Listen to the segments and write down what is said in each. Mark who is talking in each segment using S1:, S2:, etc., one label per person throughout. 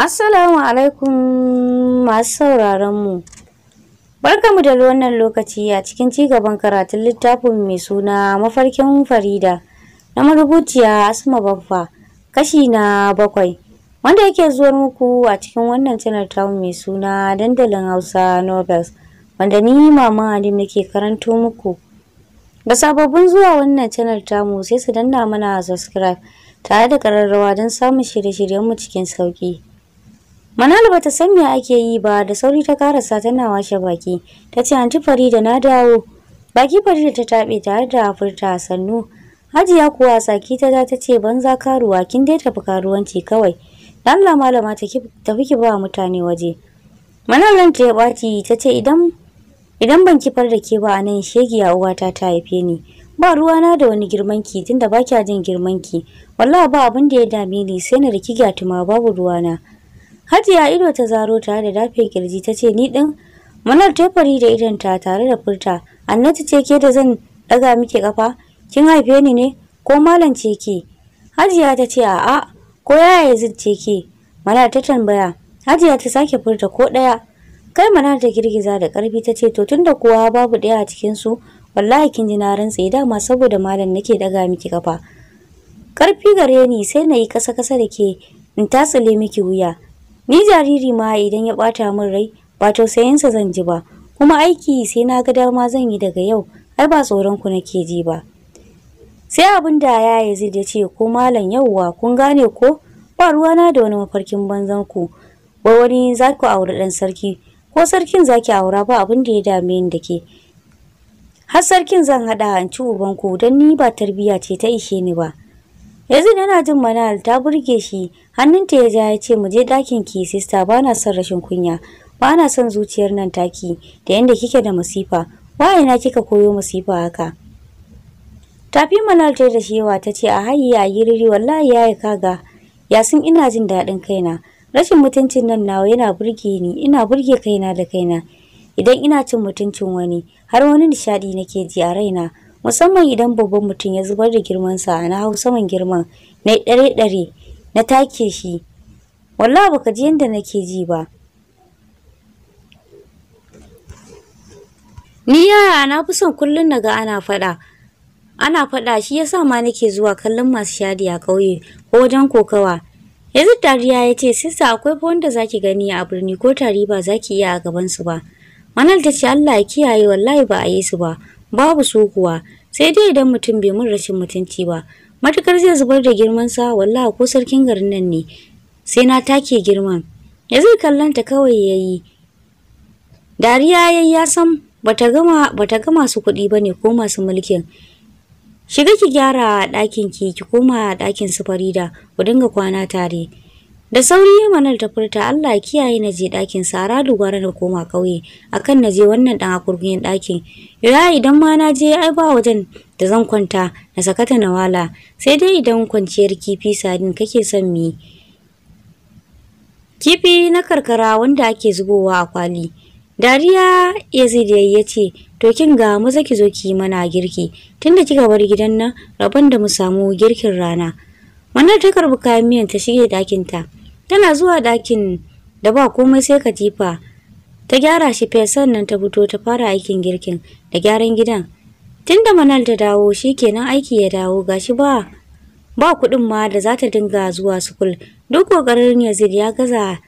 S1: Assalamu alaikum masu sauraronmu. Barkamu da wannan lokaci a cikin ci gaban karatun littafin mai suna mafarkin Farida na marubuciya Asma Baffa kashi na bakwai wanda yake zuwar muku a cikin wannan channel tamu mai suna dandalin Hausa Novels wanda ni Mama Alim nake karanto muku. da sababbin zuwa wannan channel tamu sai su danna mana subscribe tare da kararrawa don samun shirye-shiryenmu cikin sauki. Manal bata san me ake yi ba da sauri ta karasa tana washe baki. Ta ce anti Farida na dawo. Baki Farida ta taɓe tare da furta sannu. Hajiya kuwa saki ta da tace banza karuwa kin dai tafi karuwanci kawai. Dan Allah malama ta tafi ki ba mutane waje. Manal nan ta ɓaci ta idan idan ban kifar da ke ba a nan shegiya uwata ta haife ni. Ba ruwana da wani girmanki tunda ba kya jin girmanki. Wallahi ba abin da ya dame ni sai na riki gyatuma babu ruwa na. Hajiya ido ta zaro tare da dafe kirji tace ni din Manar ta da da ta tare da furta. annata ce ke da zan daga miki kafa. Kin haife ni ne ko malam ce ke? Hajiya ta ce a'a ko yaya Yazid ce ke? Manar ta tambaya. Hajiya ta sake furta ko daya. Kai Manar ta girgiza da karfi tace to tunda kowa babu daya a cikin su wallahi kin ji na rantsa dama saboda malam nake daga miki kafa. Karfi gare ni sai na yi kasa-kasa da ke in tatsile miki wuya. Ni jariri ma idan ya ɓata min rai ba tausayinsa zan ji ba, kuma aiki sai na ga dama zan yi daga yau har ba tsoron ku nake ji ba. Sai abin da ya yi ya ce ko malam yauwa kun gane ko ba ruwa na da wani mafarkin banzan ku wai wani za ku auri ɗan sarki ko sarkin zaki aura ba abin da ya dame ni dake Har sarkin zan haɗa an ci ubanku don ni ba tarbiyya ce ta ishe ni ba. Yazid yana jin Manal ta burge shi, hannunta ya ja ya ce mu je ɗakin ki sista ba na son rashin kunya, ba na son zuciyar nan taki da yanda kike da masifa, waye na kika koyo masifa haka. Tafi Manal ta da shewa ta ce a hayi a giriri wallahi ya kaga, yasin ina jin daɗin kaina, rashin mutuncin nan nawa yana burge ni, ina burge kaina da kaina. Idan ina cin mutuncin wani, har wani nishaɗi nake ji a raina, musamman idan babban mutum ya zubar da girmansa na hau saman girman na ɗare-ɗare na take shi wallahi baka ji yadda nake ji ba ni yara na fi son kullum naga ana faɗa ana faɗa shi yasa ma nake zuwa kallon masu shadi a ƙauye ko wajen kokawa yanzu dariya ya ce sa akwai fa wanda zaki gani a birni ko tari ba zaki iya a gabansu ba manal ta ce allah ya kiyaye wallahi ba a yi su ba babu su kuwa sai dai idan mutum bai mun rashin mutunci ba matukar zai zubar da girmansa wallahi ko sarkin garin nan ne sai na take girman ya zai kallanta kawai ya yi dariya ya ya san bata gama bata ga masu kuɗi ba ne ko masu mulkin shiga ki gyara ɗakin ki ki koma ɗakin su farida ku dinga kwana tare Da sauri Manal ta furta Allah kiyaye na je ɗakin Sara gwara da koma ƙauye akan na je wannan ɗan akurgunin ɗakin. ya idan ma na je ai ba wajen da zan kwanta na sakata na wala sai dai idan kwanciyar kifi sadin kake son mi. Kifi na karkara wanda ake zubowa a kwali. Dariya Yazid ya ce to kin ga maza ki zo ki mana girki tunda kika bar gidan nan rabon da mu samu girkin rana. Manar ta karbi kayan miyan ta shige ɗakinta. ta. Tana zuwa ɗakin da ba komai sai katifa. Ta gyara shi fesan sannan ta fito ta fara aikin girkin da gyaran gidan. Tunda Manal ta dawo shi kenan aiki ya dawo gashi ba ba kuɗin ma da za ta dinga zuwa sukul. Duk ƙoƙarin Yazid ya gaza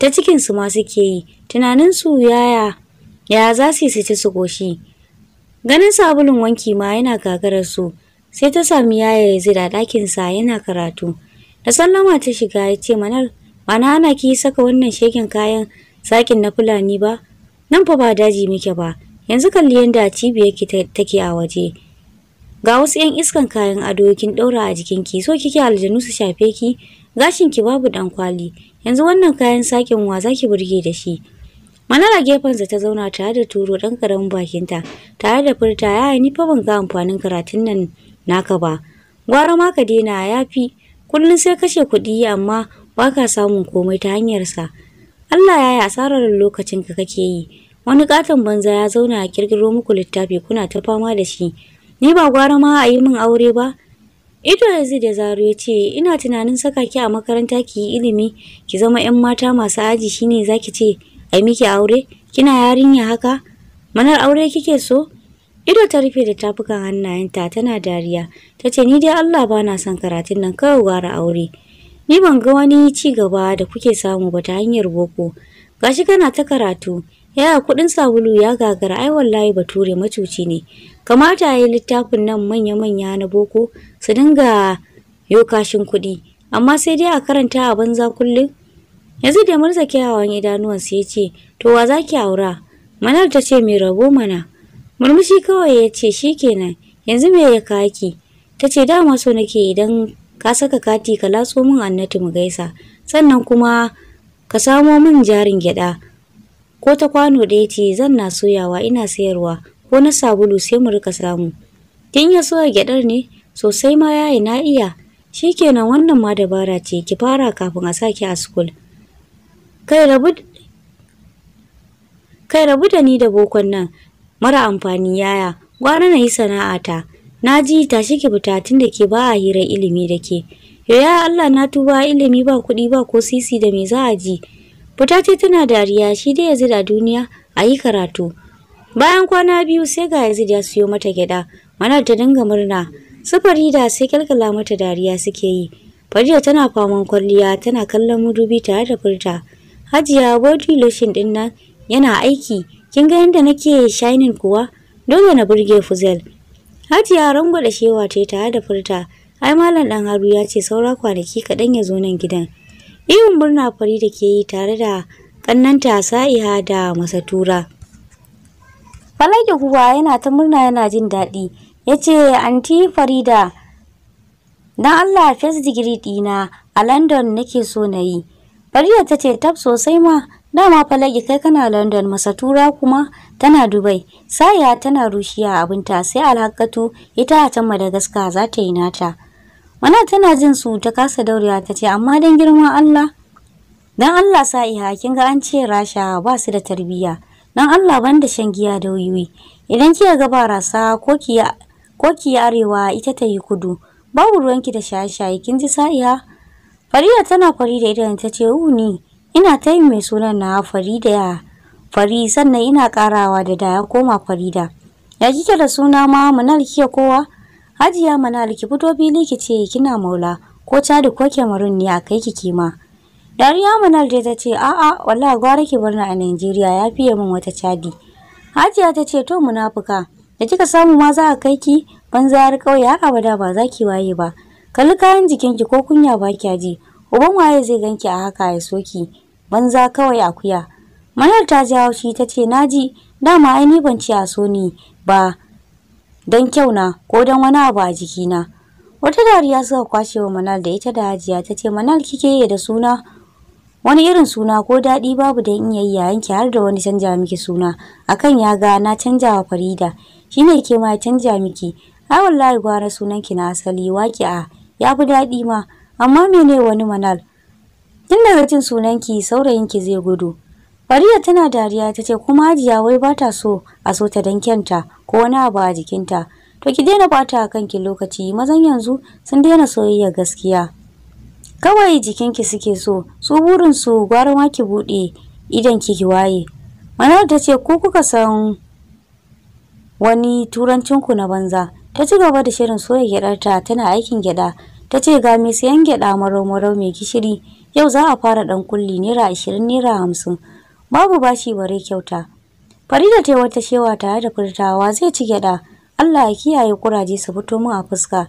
S1: ta cikin su ma suke yi. Tunanin su yaya ya za su yi su ci su goshi. Ganin sabulun wanki ma yana gagarar su. Sai ta sami yaya Yazid a ɗakinsa yana karatu. Da sallama ta shiga ya ce manar mana ana ki saka wannan shegen kayan sakin na Fulani ba nan fa ba daji muke ba yanzu kalli yanda cibiyar ki take a waje. Ga wasu 'yan iskan kayan ado kin ɗaura a jikin ki so kike aljanu su shafe ki gashin ki babu ɗan kwali yanzu wannan kayan sakin wa ki burge da shi. Manara gefensa ta zauna tare da turo ɗan ƙaramin bakinta, tare da furta Yaya ni fa ban ga amfanin karatun nan naka ba. Gwara ma ka daina ya fi, Kullum sai kashe kuɗi amma ba ka samun komai ta hanyarsa. Allah ya yi asarar lokacin ka kake yi. Wani ƙaton banza ya zauna a kirkiro muku littafi kuna ta fama da shi. Ni ba gwara ma a yi min aure ba. Ido yanzu da zaro ya ce ina tunanin saka ki a makaranta ki yi ilimi ki zama 'yan mata masu aji shine zaki ce ai miki aure kina yarinya haka manar aure kike so Ido ta rufe da tafukan hannayenta tana dariya. Ta ce ni dai Allah ba na son karatun nan kawai gara aure. Ni ban ga wani ci gaba da kuke samu ba ta hanyar boko. Gashi kana ta karatu. Yaya kuɗin sabulu ya gagara ai wallahi bature macuci ne. Kamata ya yi littafin nan manya-manya na boko su dinga yokashin kuɗi. Amma sai dai a karanta a banza kullum. Yanzu da murza kyawawan idanuwansu ya ce, To wa za ki aura? Manar ta ce mai rabo mana. Murmushi kawai ya ce shi kenan, yanzu me ya kaki? Ta ce dama so nake idan ka saka kati ka latso min annati mu gaisa, sannan kuma ka samo min jarin gyaɗa. Ko ta kwano ɗaya ce zan na soyawa ina sayarwa ko na sabulu sai mu rika samu. Kin ya soya gyaɗar ne sosai ma yayi na iya. Shi kenan wannan ma dabara ce ki fara kafin a saki a school. Kai rabu kai rabu da ni da bokon nan mara amfani yaya gwana na yi sana'a ta. na ji tashi ke fita da ke ba a hira ilimi da ke yaya Allah na tuba ilimi ba kuɗi ba ko sisi da me za a ji fita tana dariya shi dai yanzu da duniya a yi karatu bayan kwana biyu sai ga yanzu ya siyo mata gyaɗa mana ta dinga murna su Farida sai kyalkala mata dariya suke yi Farida tana faman kwalliya tana kallon mudubi tare da furta Hajiya body lotion din nan yana aiki Kin ga yadda nake shining kuwa? Dole na burge Fuzel. Hajiya rangwada shewa ce tare da furta. Ai malam dan Haru ya ce saura kwanaki kaɗan ya zo nan gidan. Ihun murna fari da ke yi tare da ƙannanta Sa'iha da Masatura. Falaki kuwa yana ta murna yana jin daɗi. Ya ce, Anti Farida, dan Allah first digiri ɗina a London nake so na yi. Farida ta ce, tab sosai ma, Dama falagi kai kana London, Masatura kuma tana Dubai. Saya tana Rushiya abinta sai alhakatu ita a can Madagascar za ta yi nata. Mana tana jin su ta kasa daurewa ta ce amma dan girman Allah dan Allah sa'iha kin ga an ce Rasha ba su da tarbiyya. Dan Allah ban da shan giya da wiwi. Idan kiya ga barasa ko kiya ko kiya arewa ita ta yi kudu. Babu ruwanki da shaye-shaye kin ji sa'iha? Fariya tana fari da idan ta ce ni ina ta yin mai sunan na farida ya fari sannan ina karawa da da ya koma farida ya kike da suna ma manal kiya kowa hajiya manal ki fito fili ki ce kina maula ko cadi ko kemarun ne a kai ki kima dariya manal dai ta ce a'a wallahi gwara ki barna a najeriya ya fiye min wata cadi hajiya ta ce to munafuka da kika samu ma za a kai ki banza kawai ya har abada ba za ki waye ba kalli kayan jikinki ko kunya ba ki aji. uban waye zai ganki a haka ya soki banza kawai akuya Manal ta ji haushi ta ce naji dama ai ni ban ci a so ni ba don na, ko don wani abu a jiki na. wata dariya suka kwashe wa manal da ita da hajiya ta ce manal kike yi da suna wani irin suna ko daɗi babu don in yayi yayin ki har da wani canja miki suna akan ya ga na canja wa farida shine ke ma canja miki ai wallahi gwara sunan ki na asali waki a fi daɗi ma amma mene wani manal Tun daga jin saurayin ki zai gudu. Fariya tana dariya ta ce kuma Hajiya wai ba ta so a so ta dan kyanta ko wani abu a jikinta. To ki daina bata a kanki lokaci mazan yanzu sun daina soyayya gaskiya. Kawai jikinki suke so su burin su gwara ma ki buɗe idan ki waye. Manar ta ce ku kuka san wani turancin ku na banza. Ta ci gaba da shirin soya gyaɗarta tana aikin gyaɗa. Ta ce ga mai sayan gyaɗa marau-marau mai gishiri Yau za a fara dan kulli naira ashirin naira hamsin. Babu bashi bare kyauta. Farida ta wata shewa tare da furtawa zai ci gyaɗa. Allah ya kiyaye kuraje su fito mu a fuska.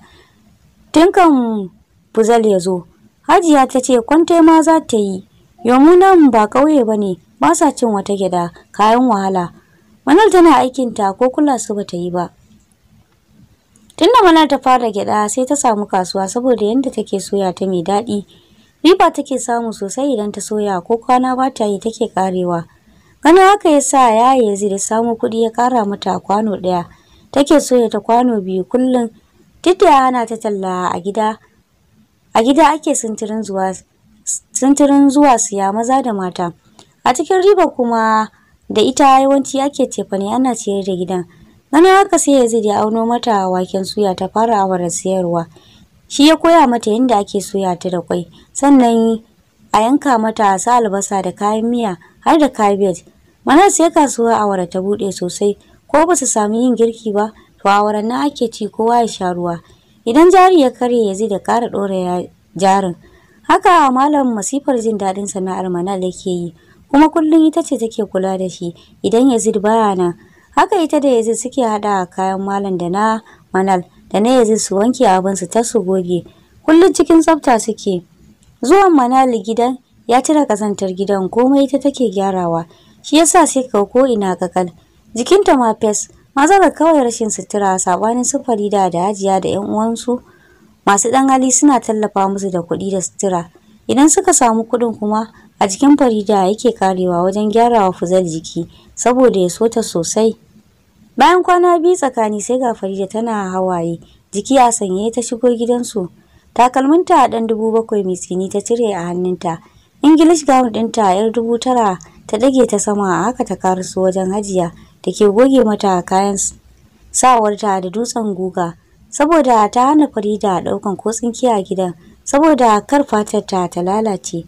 S1: Tinkan Fuzal ya zo. Hajiya ta ce kwante ma za ta yi. Yomu nan ba ƙauye ba ne, ba sa cin wata gyada, kayan wahala. Manal tana aikin ta ko kula su ba ta yi ba. Tunda Manal ta fara gyaɗa sai ta samu kasuwa saboda yadda take soya ta mai daɗi. riba take samu sosai idan ta soya ko kwana ba ta yi take karewa ganin haka ya sa yaye zai da samu kuɗi ya kara mata kwano ɗaya take soya ta kwano biyu kullum duk ana ta talla a gida a gida ake sintirin zuwa sintirin zuwa siya maza da mata a cikin riba kuma da ita yawanci ake cefane ana ciyar da gidan ganin haka sai ya zai da auno mata waken suya ta fara awara siyarwa Shi ya koya mata yadda ake soya ta da kwai, sannan a yanka mata sa albasa da kayan miya har da kabej. Mana sai kasuwa awara ta buɗe sosai, ko ba su sami yin girki ba, to awara na ake ci kowa ya sha ruwa. Idan jari ya karye ya da ƙara ɗora jarin. Haka malam masifar jin daɗin sana'ar Manal yake yi, kuma kullum ita ce take kula da shi idan Yazid baya nan. Haka ita da Yazid suke haɗa kayan malam da na Manal. da na yanzu su wanke abinsu ta su goge kullum cikin tsafta suke zuwan manali gidan ya cire kazantar gidan komai ta take gyarawa shi yasa sai ka ko ina kakal jikinta ma fes mazalar kawai rashin sutura sabanin su farida da hajiya da yan uwansu masu dan hali suna tallafa musu da kuɗi da sutura idan suka samu kuɗin kuma a jikin farida yake karewa wajen gyarawa fuzal jiki saboda ya sota sosai Bayan kwana biyu tsakani sai ga Farida tana hawaye, jiki a sanye ta shigo gidansu. Takalminta a ɗan dubu bakwai mai tsini ta cire a hannunta. English gown ɗinta yar dubu tara ta ɗage ta sama a haka ta su wajen hajiya da ke goge mata kayan sawarta da dutsen guga. Saboda ta hana Farida ɗaukan ko tsinkiya gidan, saboda kar fatarta ta lalace.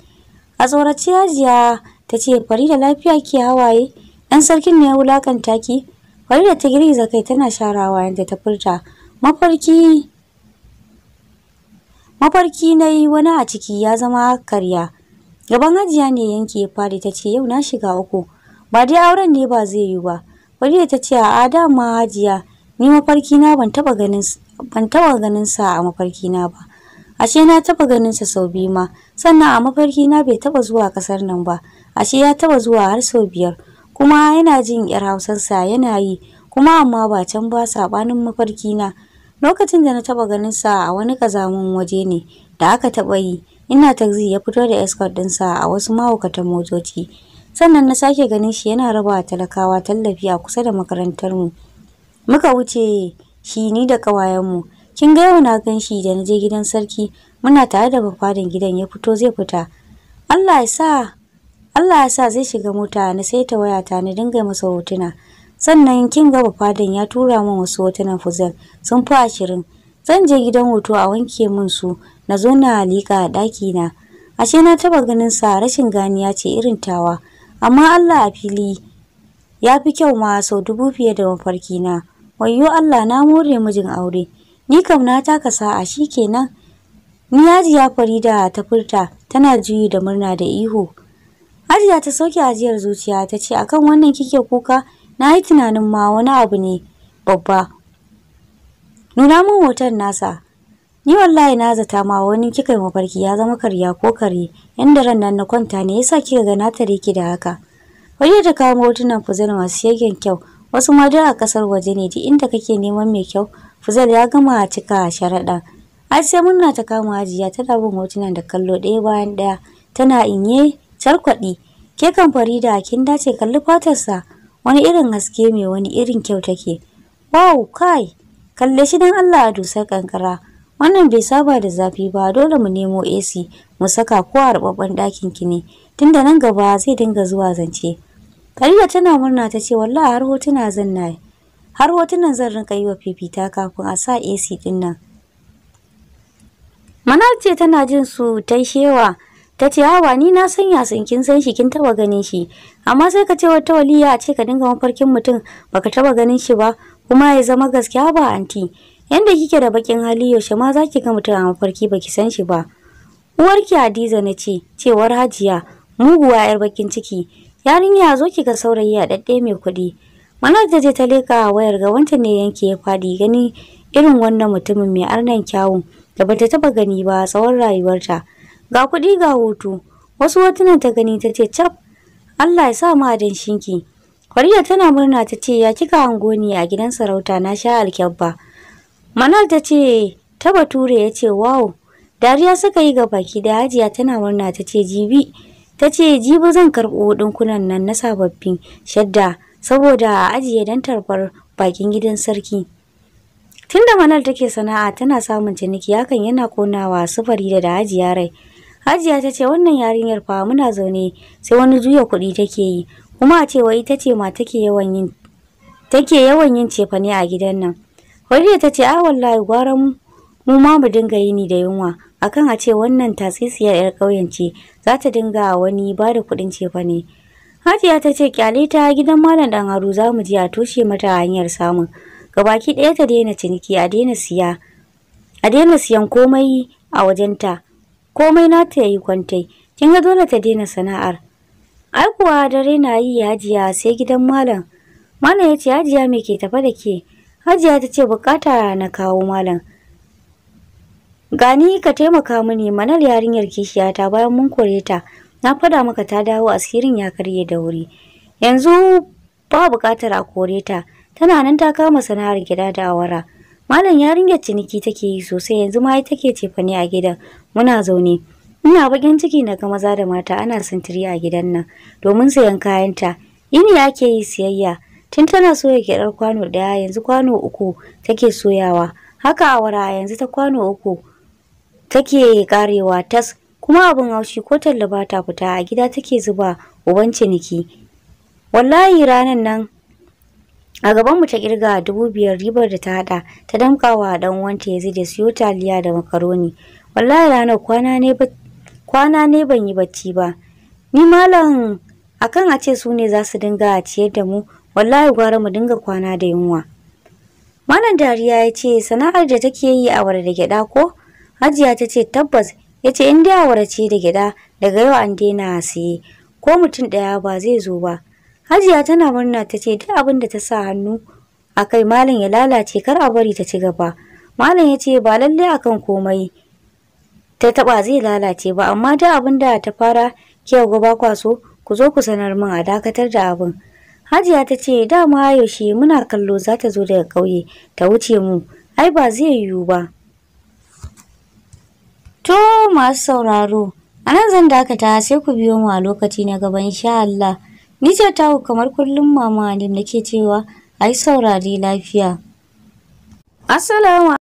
S1: A tsorace hajiya ta ce Farida lafiya ke hawaye, ɗan sarkin ne ya wulakanta ki. da ta girgiza kai tana sharawa yadda ta furta. Mafarki Mafarki na yi wani a ciki ya zama karya. Gaban hajiya ne yanke fari ta ce yau na shiga uku. Ba dai auren ne ba zai yi ba. da ta ce a'a dama hajiya ni mafarki na ban taba ganin ban taba ganin sa a mafarki na ba. Ashe na taba ganin sa sau biyu ma sannan a mafarki na bai taba zuwa kasar nan ba. Ashe ya taba zuwa har sau biyar. kuma yana jin yar hausarsa yana yi kuma amma ba can ba saɓanin mafarki na lokacin da na taɓa ganin sa a wani kazamin waje ne da aka taɓa yi ina taxi ya fito da escort sa a wasu mawukatan motoci sannan na sake ganin shi yana raba talakawa tallafi a kusa da makarantar mu muka wuce shi ni da mu kin ga yau na gan shi da na je gidan sarki muna tare da bafadan gidan ya fito zai fita Allah ya sa Allah ya sa zai shiga mota na saita wayata na dinga masa hotuna sannan kin ga bafadan ya tura min wasu hotunan fuzel sun fi ashirin zan je gidan hoto a wanke min su na zo na liƙa a ɗaki na ashe na taɓa ganin sa rashin ganiya ce irin tawa amma Allah a fili ya fi kyau ma sau dubu fiye da mafarki na wayyo Allah na more mijin aure ni kam na taka sa'a shikenan ni yaji ya farida ta furta tana juyi da murna da ihu Hajiya ta sauke ajiyar zuciya ta ce akan wannan kike kuka na yi tunanin ma wani abu ne babba. Nuna min hoton nasa. Ni wallahi na zata ma wani kika yi mafarki ya zama karya ko kare yanda ran nan na kwanta ne yasa kika ga na tare ki da haka. Wajen ta kawo hotunan Fuzel masu yagen kyau wasu ma duk a kasar waje ne duk inda kake neman mai kyau Fuzel ya gama cika sharaɗa. Ai sai murna ta kama ajiya tana bin hotunan da kallo ɗaya bayan ɗaya tana inye charkwadi ke kan Farida kin dace kalli fatarsa wani irin haske mai wani irin kyau take. Wow, kai! Kalle shi don Allah a dusar kankara. Wannan bai saba da zafi ba dole mu nemo AC mu saka ko a rubabban ɗakin ki ne tunda nan gaba zai dinga zuwa zance. Farida tana murna ta ce wallahi har hotuna zan na har hotunan zan rinka yi wa fifita kafin a sa AC din nan. Manar tana jin su ta shewa ta ce hawa ni na sanya sun kin san shi kin taba ganin shi amma sai ka ce wata waliya a ce ka dinga mafarkin mutum baka taba ganin shi ba kuma ya zama gaskiya ba anti yanda kike da bakin hali yaushe ma za ki ga mutum a mafarki baki san shi ba uwarki hadiza na ce cewar hajiya muguwa yar bakin ciki yarinya zo ki ga saurayi a dadde mai kuɗi manar da ta leka wayar ga wanta ne yanke ya fadi gani irin wannan mutumin mai arnan kyawun da bata taba gani ba tsawon rayuwarta Ga kuɗi ga hoto. Wasu hotunan ta gani ta ce cap. Allah ya sa mu adin shinki. Fariya tana murna ta ce ya kika hango ni a gidan sarauta na sha alkyabba. Manal ta ce ta bature ya ce wow. Dariya suka yi ga baki da hajiya tana murna ta ce jibi. Ta ce jibi zan karɓo ɗinkunan nan na sababbin shadda saboda a ajiye don tarbar bakin gidan sarki. Tunda Manal take sana'a tana samun ciniki hakan yana konawa sufari da da hajiya rai. Hajiya ta ce wannan yarinyar fa muna zaune sai wani juya kuɗi take yi kuma a ce wai ita ce ma take yawan yin take yawan yin cefane a gidan nan. Hajiya ta ce a wallahi gwara mu ma mu dinga yini da yunwa akan a ce wannan tasisiyar yar ƙauyen ce za ta dinga wani ba da kuɗin cefane. Hajiya ta ce kyale ta gidan malam dan Haru za mu je a toshe mata hanyar samun. Gabaki ɗaya ta daina ciniki a daina siya a daina siyan komai a wajenta. komai na ta yi kwantai kin ga dole ta daina sana'ar ai kuwa dare na yi hajiya sai gidan malam malam ya ce hajiya me ke tafa da ke hajiya ta ce bukata na kawo malam gani ka taimaka mini manar yarinyar kishiyata bayan mun kore ta na fada maka ta dawo asirin ya karye da wuri yanzu ba bukatar a kore ta tana nan ta kama sana'ar gida da awara Malam yarinyar ciniki take yi sosai yanzu ma take cefane a gidan muna zaune ina bakin ciki na ga maza da mata ana sintiri a gidan nan domin sayan kayanta yini ake yi siyayya tun tana soya gyaɗar kwano ɗaya yanzu kwano uku take soyawa haka awara yanzu ta kwano uku take karewa tas kuma abin haushi ko talla ta fita a gida take zuba uban ciniki wallahi ranan nan a gaban mu ta kirga dubu biyar ribar da ta hada ta damkawa dan wanta ya zai da siyo taliya da makaroni wallahi ranar kwana ne kwana ne ban yi bacci ba ni malam akan a ce su ne za su dinga a ciyar da mu wallahi gwara mu dinga kwana da yunwa malam dariya ya ce sana'ar da take yi a da gyaɗa ko hajiya ta ce tabbas ya ce in dai awara ce da gyaɗa daga yau an daina saye ko mutum ɗaya ba zai zo ba hajiya tana murna ta ce duk abin da ta sa hannu a kai malam ya lalace kar a bari ta ci gaba malam ya ce ba lallai akan komai ta taba zai lalace ba amma da abin da ta fara kyau gaba kwaso ku zo ku sanar min a dakatar da abin. Hajiya ta ce dama yaushe muna kallo za ta zo daga ƙauye ta wuce mu ai ba zai yiwu ba. To masu sauraro a nan zan dakata sai ku biyo mu a lokaci na gaba insha Allah. Ni ce tawo kamar kullum mama Alim nake cewa ai saurari lafiya. Assalamu